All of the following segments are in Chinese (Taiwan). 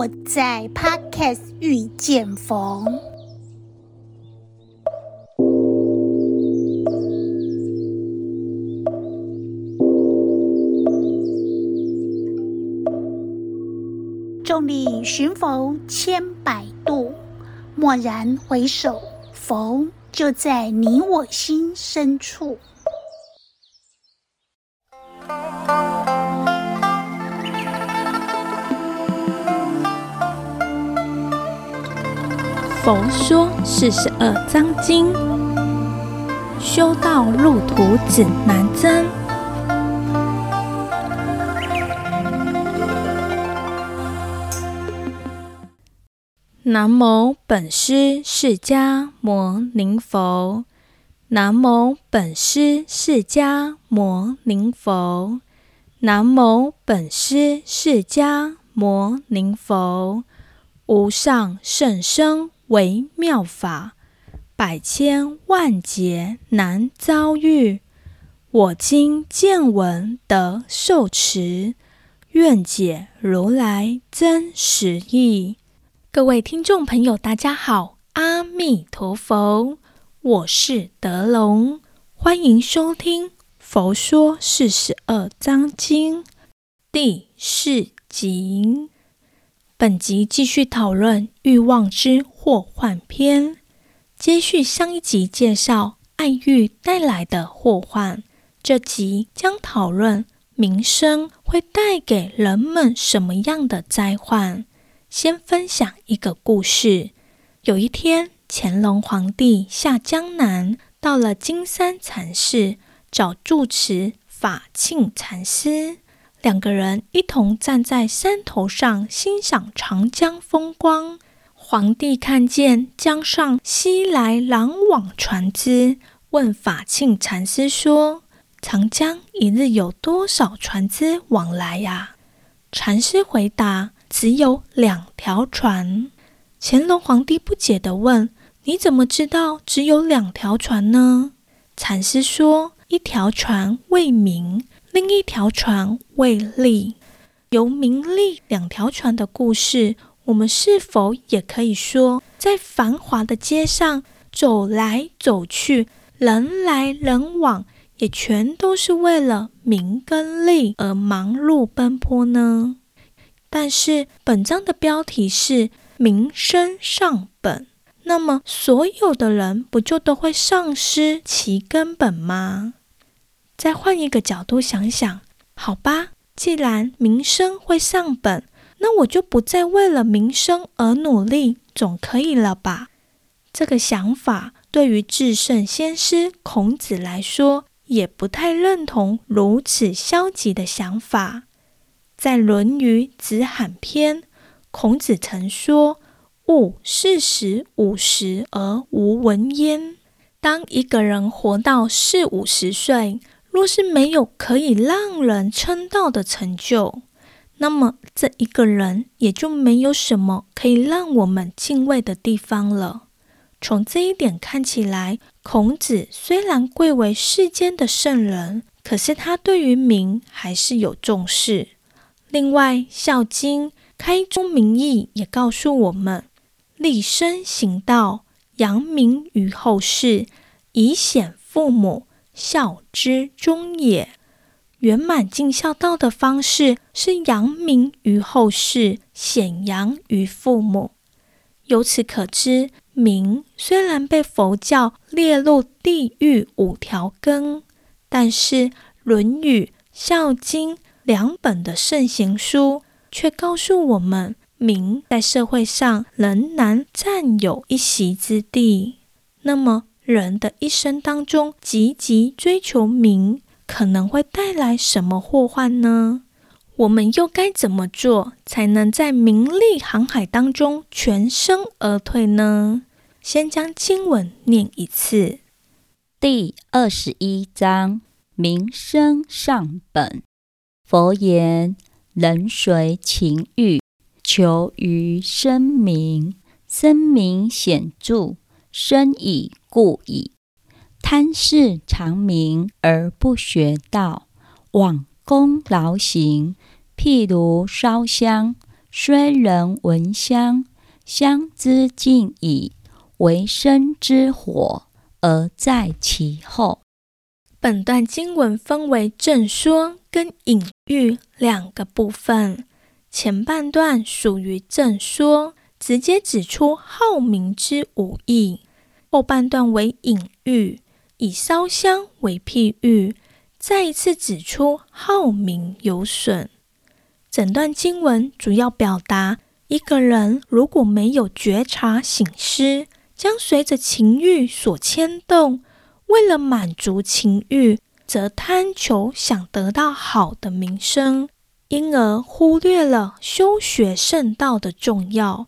我在 Podcast 遇見佛，眾裡尋佛千百度，驀然回首，佛就在你我心深處。佛說四十二章經，修道路途指南針。南無本師釋迦牟尼佛，南無本師釋迦牟尼佛，南無本師釋迦牟尼佛佛，無上甚深。為妙法，百千萬劫難遭遇。我今見聞得受持，願解如來真實義。各位聽眾朋友，大家好，阿彌陀佛，我是德龍，歡迎收聽《佛說四十二章經》第四集。本集繼續討論欲望之禍患篇，接續上一集介紹愛欲帶來的禍患。這集將討論名聲會帶給人們什麼樣的災患。先分享一個故事：有一天，乾隆皇帝下江南，到了金山禪寺，找住持法慶禪師。兩個人一同站在山頭上欣賞長江風光。皇帝看見江上西來南往船隻，問法慶禪師說：“長江一日有多少船隻往來呀、啊？”禪師回答：“只有兩條船。”乾隆皇帝不解地問：“你怎麼知道只有兩條船呢？”禪師說。一條船為名，另一條船為利，由名利兩條船的故事，我們是否也可以說，在繁華的街上走來走去，人來人往，也全都是為了名跟利而忙碌奔波呢？但是本章的標題是名聲喪本，那麼所有的人不就都會喪失其根本嗎？再換一個角度想想，好吧。既然名聲會喪本，那我就不再為了名聲而努力，總可以了吧？這個想法對於至聖先師孔子來說，也不太認同如此消極的想法。在《論語·子罕篇》，孔子曾說：“吾四十五十而無聞焉。”當一個人活到四五十歲，若是沒有可以讓人稱道的成就，那麼這一個人也就沒有什麼可以讓我們敬畏的地方了。從這一點看起來，孔子雖然貴為世間的聖人，可是他對於名還是有重視。另外，《孝經》開宗明義也告訴我們：立身行道，揚名於後世，以顯父母。孝之終也，圓滿盡孝道的方式是揚名於後世，顯揚於父母。由此可知，名雖然被佛教列入地獄五條根，但是《論語》《孝經》兩本的聖賢書卻告訴我們，名在社會上仍難佔有一席之地。那麼，人的一生當中，積極追求名，可能會帶來什麼禍患呢？我們又該怎麼做，才能在名利航海當中全身而退呢？先將經文念一次。第二十一章：名聲喪本。佛言：人隨情欲，求於聲名，聲名顯著。身已故矣，貪世常名而不學道，枉功勞形。譬如燒香，雖人聞香，香之燼矣，危身之火而在其後。本段經文分為正說跟引喻兩個部分，前半段屬於正說。直接指出好名之無益，後半段為引喻，以燒香為譬喻，再一次指出好名有損。整段經文主要表達，一個人如果沒有覺察省思，將隨着情欲所牽動，為了滿足情欲，則貪求想得到好的名聲，因而忽略了修學聖道的重要。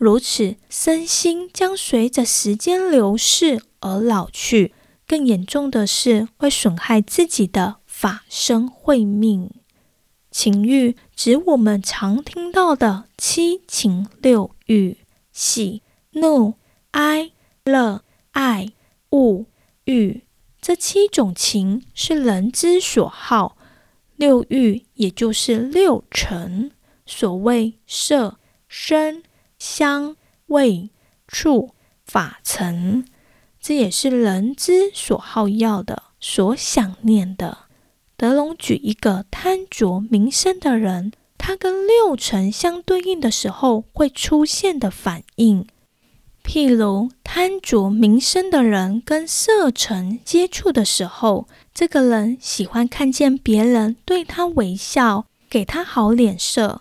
如此，身心將隨着時間流逝而老去。更嚴重的是，會損害自己的法身慧命。情欲指我們常聽到的七情六欲：喜、怒、哀、樂、愛、惡、欲。這七種情是人之所好。六欲也就是六塵。所謂色、聲。香、味、觸、法塵，這也是人之所好要的，所想念的。德隆舉一個貪着名聲的人，他跟六塵相對應的時候，會出現的反應。譬如貪着名聲的人跟色塵接觸的時候，這個人喜歡看見別人對他微笑，給他好臉色。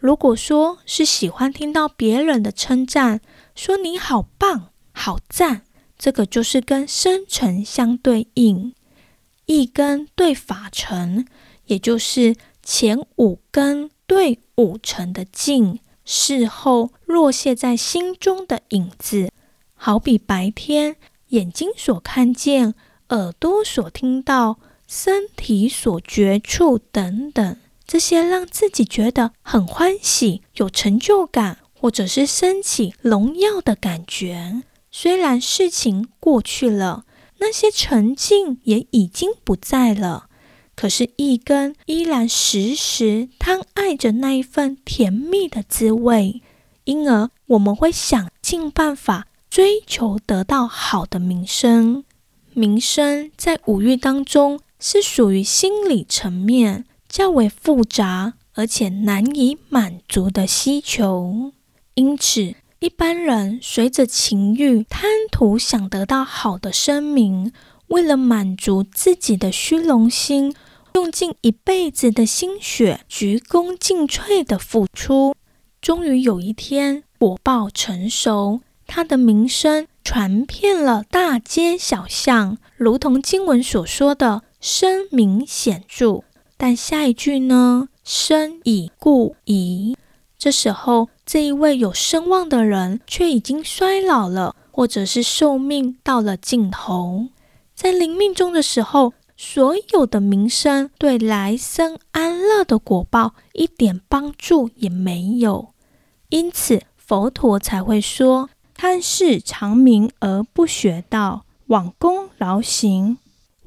如果說是喜歡聽到別人的稱讚，說你好棒、好讚，這個就是跟聲塵相對應，一根對法塵，也就是前五根對五塵的境，事後落謝，在心中的影子，好比白天眼睛所看見、耳朵所聽到、身體所覺觸等等。這些讓自己覺得很歡喜、有成就感，或者是生起榮耀的感覺。雖然事情過去了，那些沉浸也已經不在了，可是意根依然時時貪愛着那一份甜蜜的滋味。因而，我們會想盡辦法追求得到好的名聲。名聲在五欲當中是屬於心理層面。較為複雜而且難以滿足的需求，因此一般人隨着情欲貪圖想得到好的聲名，為了滿足自己的虛榮心，用盡一輩子的心血，鞠躬盡瘁的付出，終於有一天果報成熟，他的名聲傳遍了大街小巷，如同經文所說的聲名顯著。但下一句呢？生已故矣。這時候，這一位有聲望的人卻已經衰老了，或者是壽命到了盡頭。在臨命終的時候，所有的名聲對來生安樂的果報一點幫助也沒有。因此，佛陀才會說：貪世長明而不學道，枉功勞行。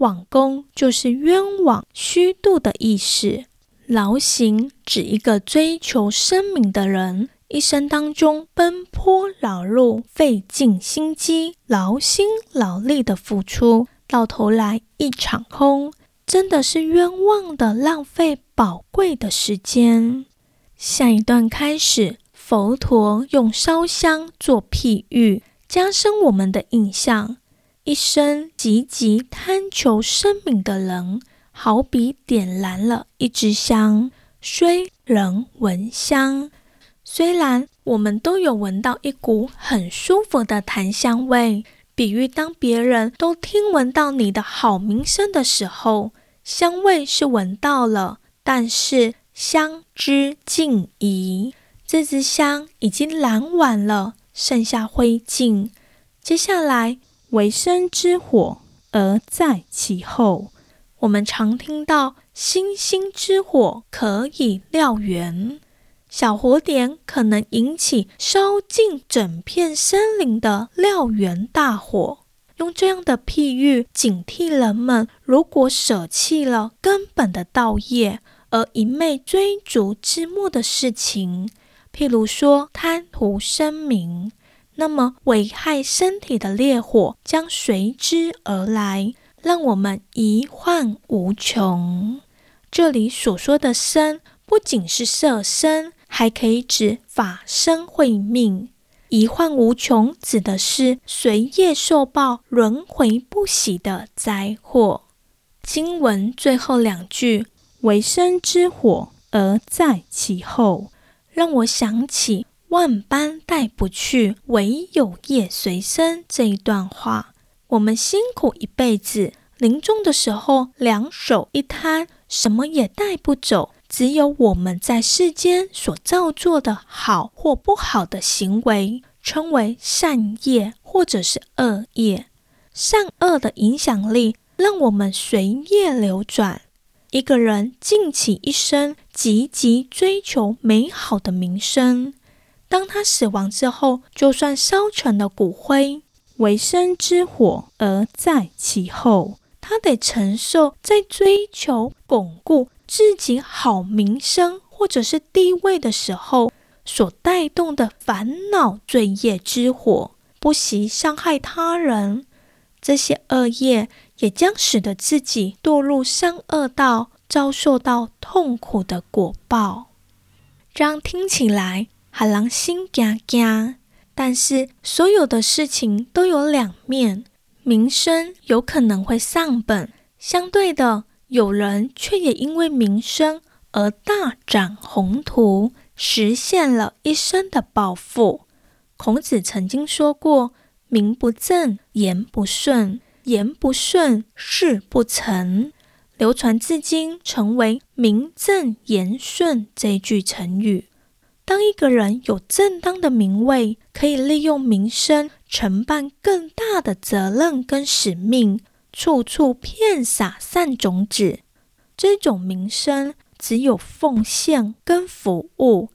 枉功就是冤枉虛度的意思。勞形指一個追求聲名的人，一生當中奔波勞碌，費盡心機，勞心勞力的付出，到頭來一場空，真的是冤枉的浪費寶貴的時間。下一段開始，佛陀用燒香做譬喻，加深我們的印象。一生積極貪求聲名的人，好比點燃了一支香，雖人聞香。雖然我們都有聞到一股很舒服的檀香味，比喻當別人都聽聞到你的好名聲的時候，香味是聞到了，但是香之燼矣。這支香已經燃完了，剩下灰燼。接下來。危身之火，而在其後。我們常聽到星星之火可以燎原，小火點可能引起燒盡整片森林的燎原大火。用這樣的譬喻，警惕人們如果捨棄了根本的道業，而一昧追逐之末的事情，譬如說貪圖聲名。那麼，危害身體的烈火將隨之而來，讓我們遺患無窮。這裡所說的“身”，不僅是色身，還可以指法身、慧命。遺患無窮，指的是隨業受報、輪回不息的災禍。經文最後兩句：“危身之火而在其後”，讓我想起。萬般帶不去，唯有業隨身。這一段話，我們辛苦一輩子，臨終的時候兩手一攤，什麼也帶不走。只有我們在世間所造作的好或不好的行為，稱為善業或者是惡業。善惡的影響力，讓我們隨業流轉。一個人盡其一生，積極追求美好的名聲。當他死亡之後，就算燒成了骨灰，危身之火而在其後。他得承受在追求鞏固自己好名聲或者是地位的時候所帶動的煩惱、罪業之火，不惜傷害他人。這些惡業也將使得自己墮入三惡道，遭受到痛苦的果報。這樣聽起來。海浪心驚驚，但是所有的事情都有兩面，名聲有可能會喪本，相對的，有人卻也因為名聲而大展宏圖，實現了一生的抱負。孔子曾經說過：“名不正，言不順，言不順事不成。”流傳至今，成為“名正言順”這一句成語。當一個人有正當的名位，可以利用名聲承辦更大的責任跟使命，處處遍灑善種子。這種名聲只有奉獻跟服務，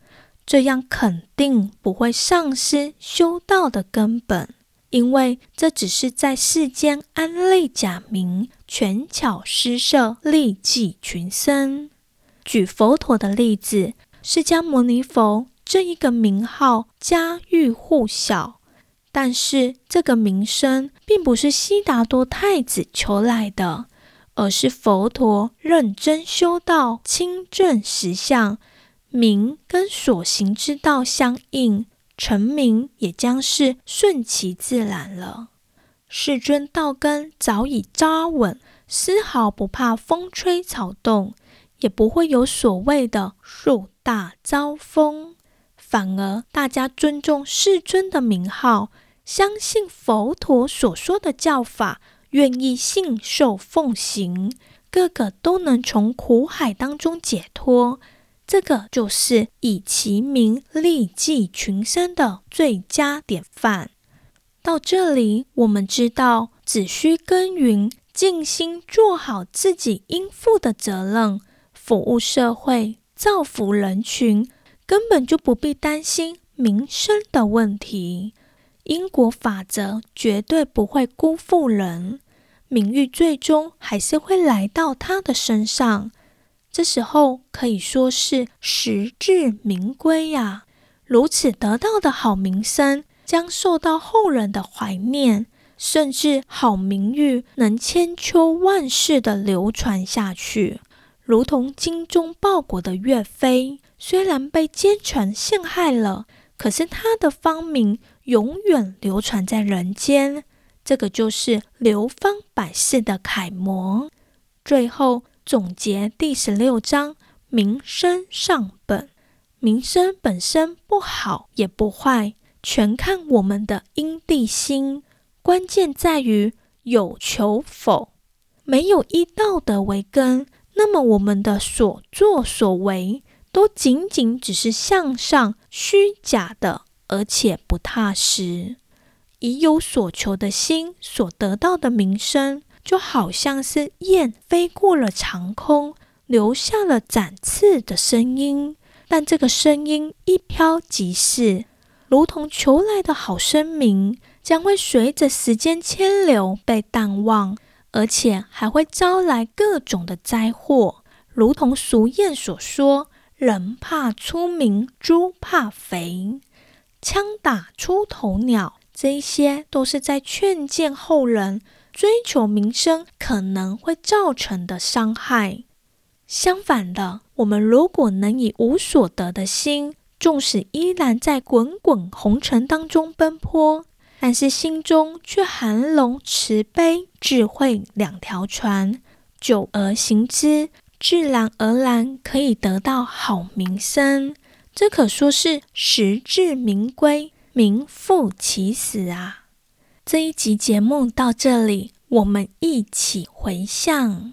這樣肯定不會喪失修道的根本，因為這只是在世間安立假名，權巧施設利濟群生。舉佛陀的例子。釋迦牟尼佛這一個名號家喻戶曉，但是這個名聲並不是悉達多太子求來的，而是佛陀認真修道、親證實相，名跟所行之道相應，成名也將是順其自然了。世尊道根早已扎穩，絲毫不怕風吹草動。也不會有所謂的樹大招風，反而大家尊重世尊的名號，相信佛陀所說的教法，願意信受奉行，個個都能從苦海當中解脫。這個就是以其名利濟群生的最佳典範。到這裡，我們知道，只需耕耘，盡心做好自己應負的責任。服務社會，造福人群，根本就不必擔心名聲的問題。因果法則絕對不會辜負人，名譽最終還是會來到他的身上。這時候可以說是實至名歸呀、啊！如此得到的好名聲，將受到後人的懷念，甚至好名譽能千秋萬世地流傳下去。如同精忠報國的岳飛，雖然被奸臣陷害了，可是他的芳名永遠流傳在人間。這個就是流芳百世的楷模。最後總結第十六章：名聲喪本，名聲本身不好也不壞，全看我們的因地心。關鍵在於有求否？沒有依道德為根。那麼，我們的所作所為都僅僅只是向上、虛假的，而且不踏實。以有所求的心所得到的名聲，就好像是燕飛過了長空，留下了展翅的聲音，但這個聲音一飄即逝，如同求來的好聲名，將會隨着時間遷流被淡忘。而且還會招來各種的災禍，如同俗諺所說：“人怕出名，豬怕肥，槍打出頭鳥。”這些都是在勸誡後人追求名聲可能會造成的傷害。相反的，我們如果能以無所得的心，縱使依然在滾滾紅塵當中奔波。但是心中卻含容、慈悲智慧兩條船，久而行之，自然而然可以得到好名聲。這可說是實至名歸、名副其實啊！這一集節目到這裡，我們一起回向。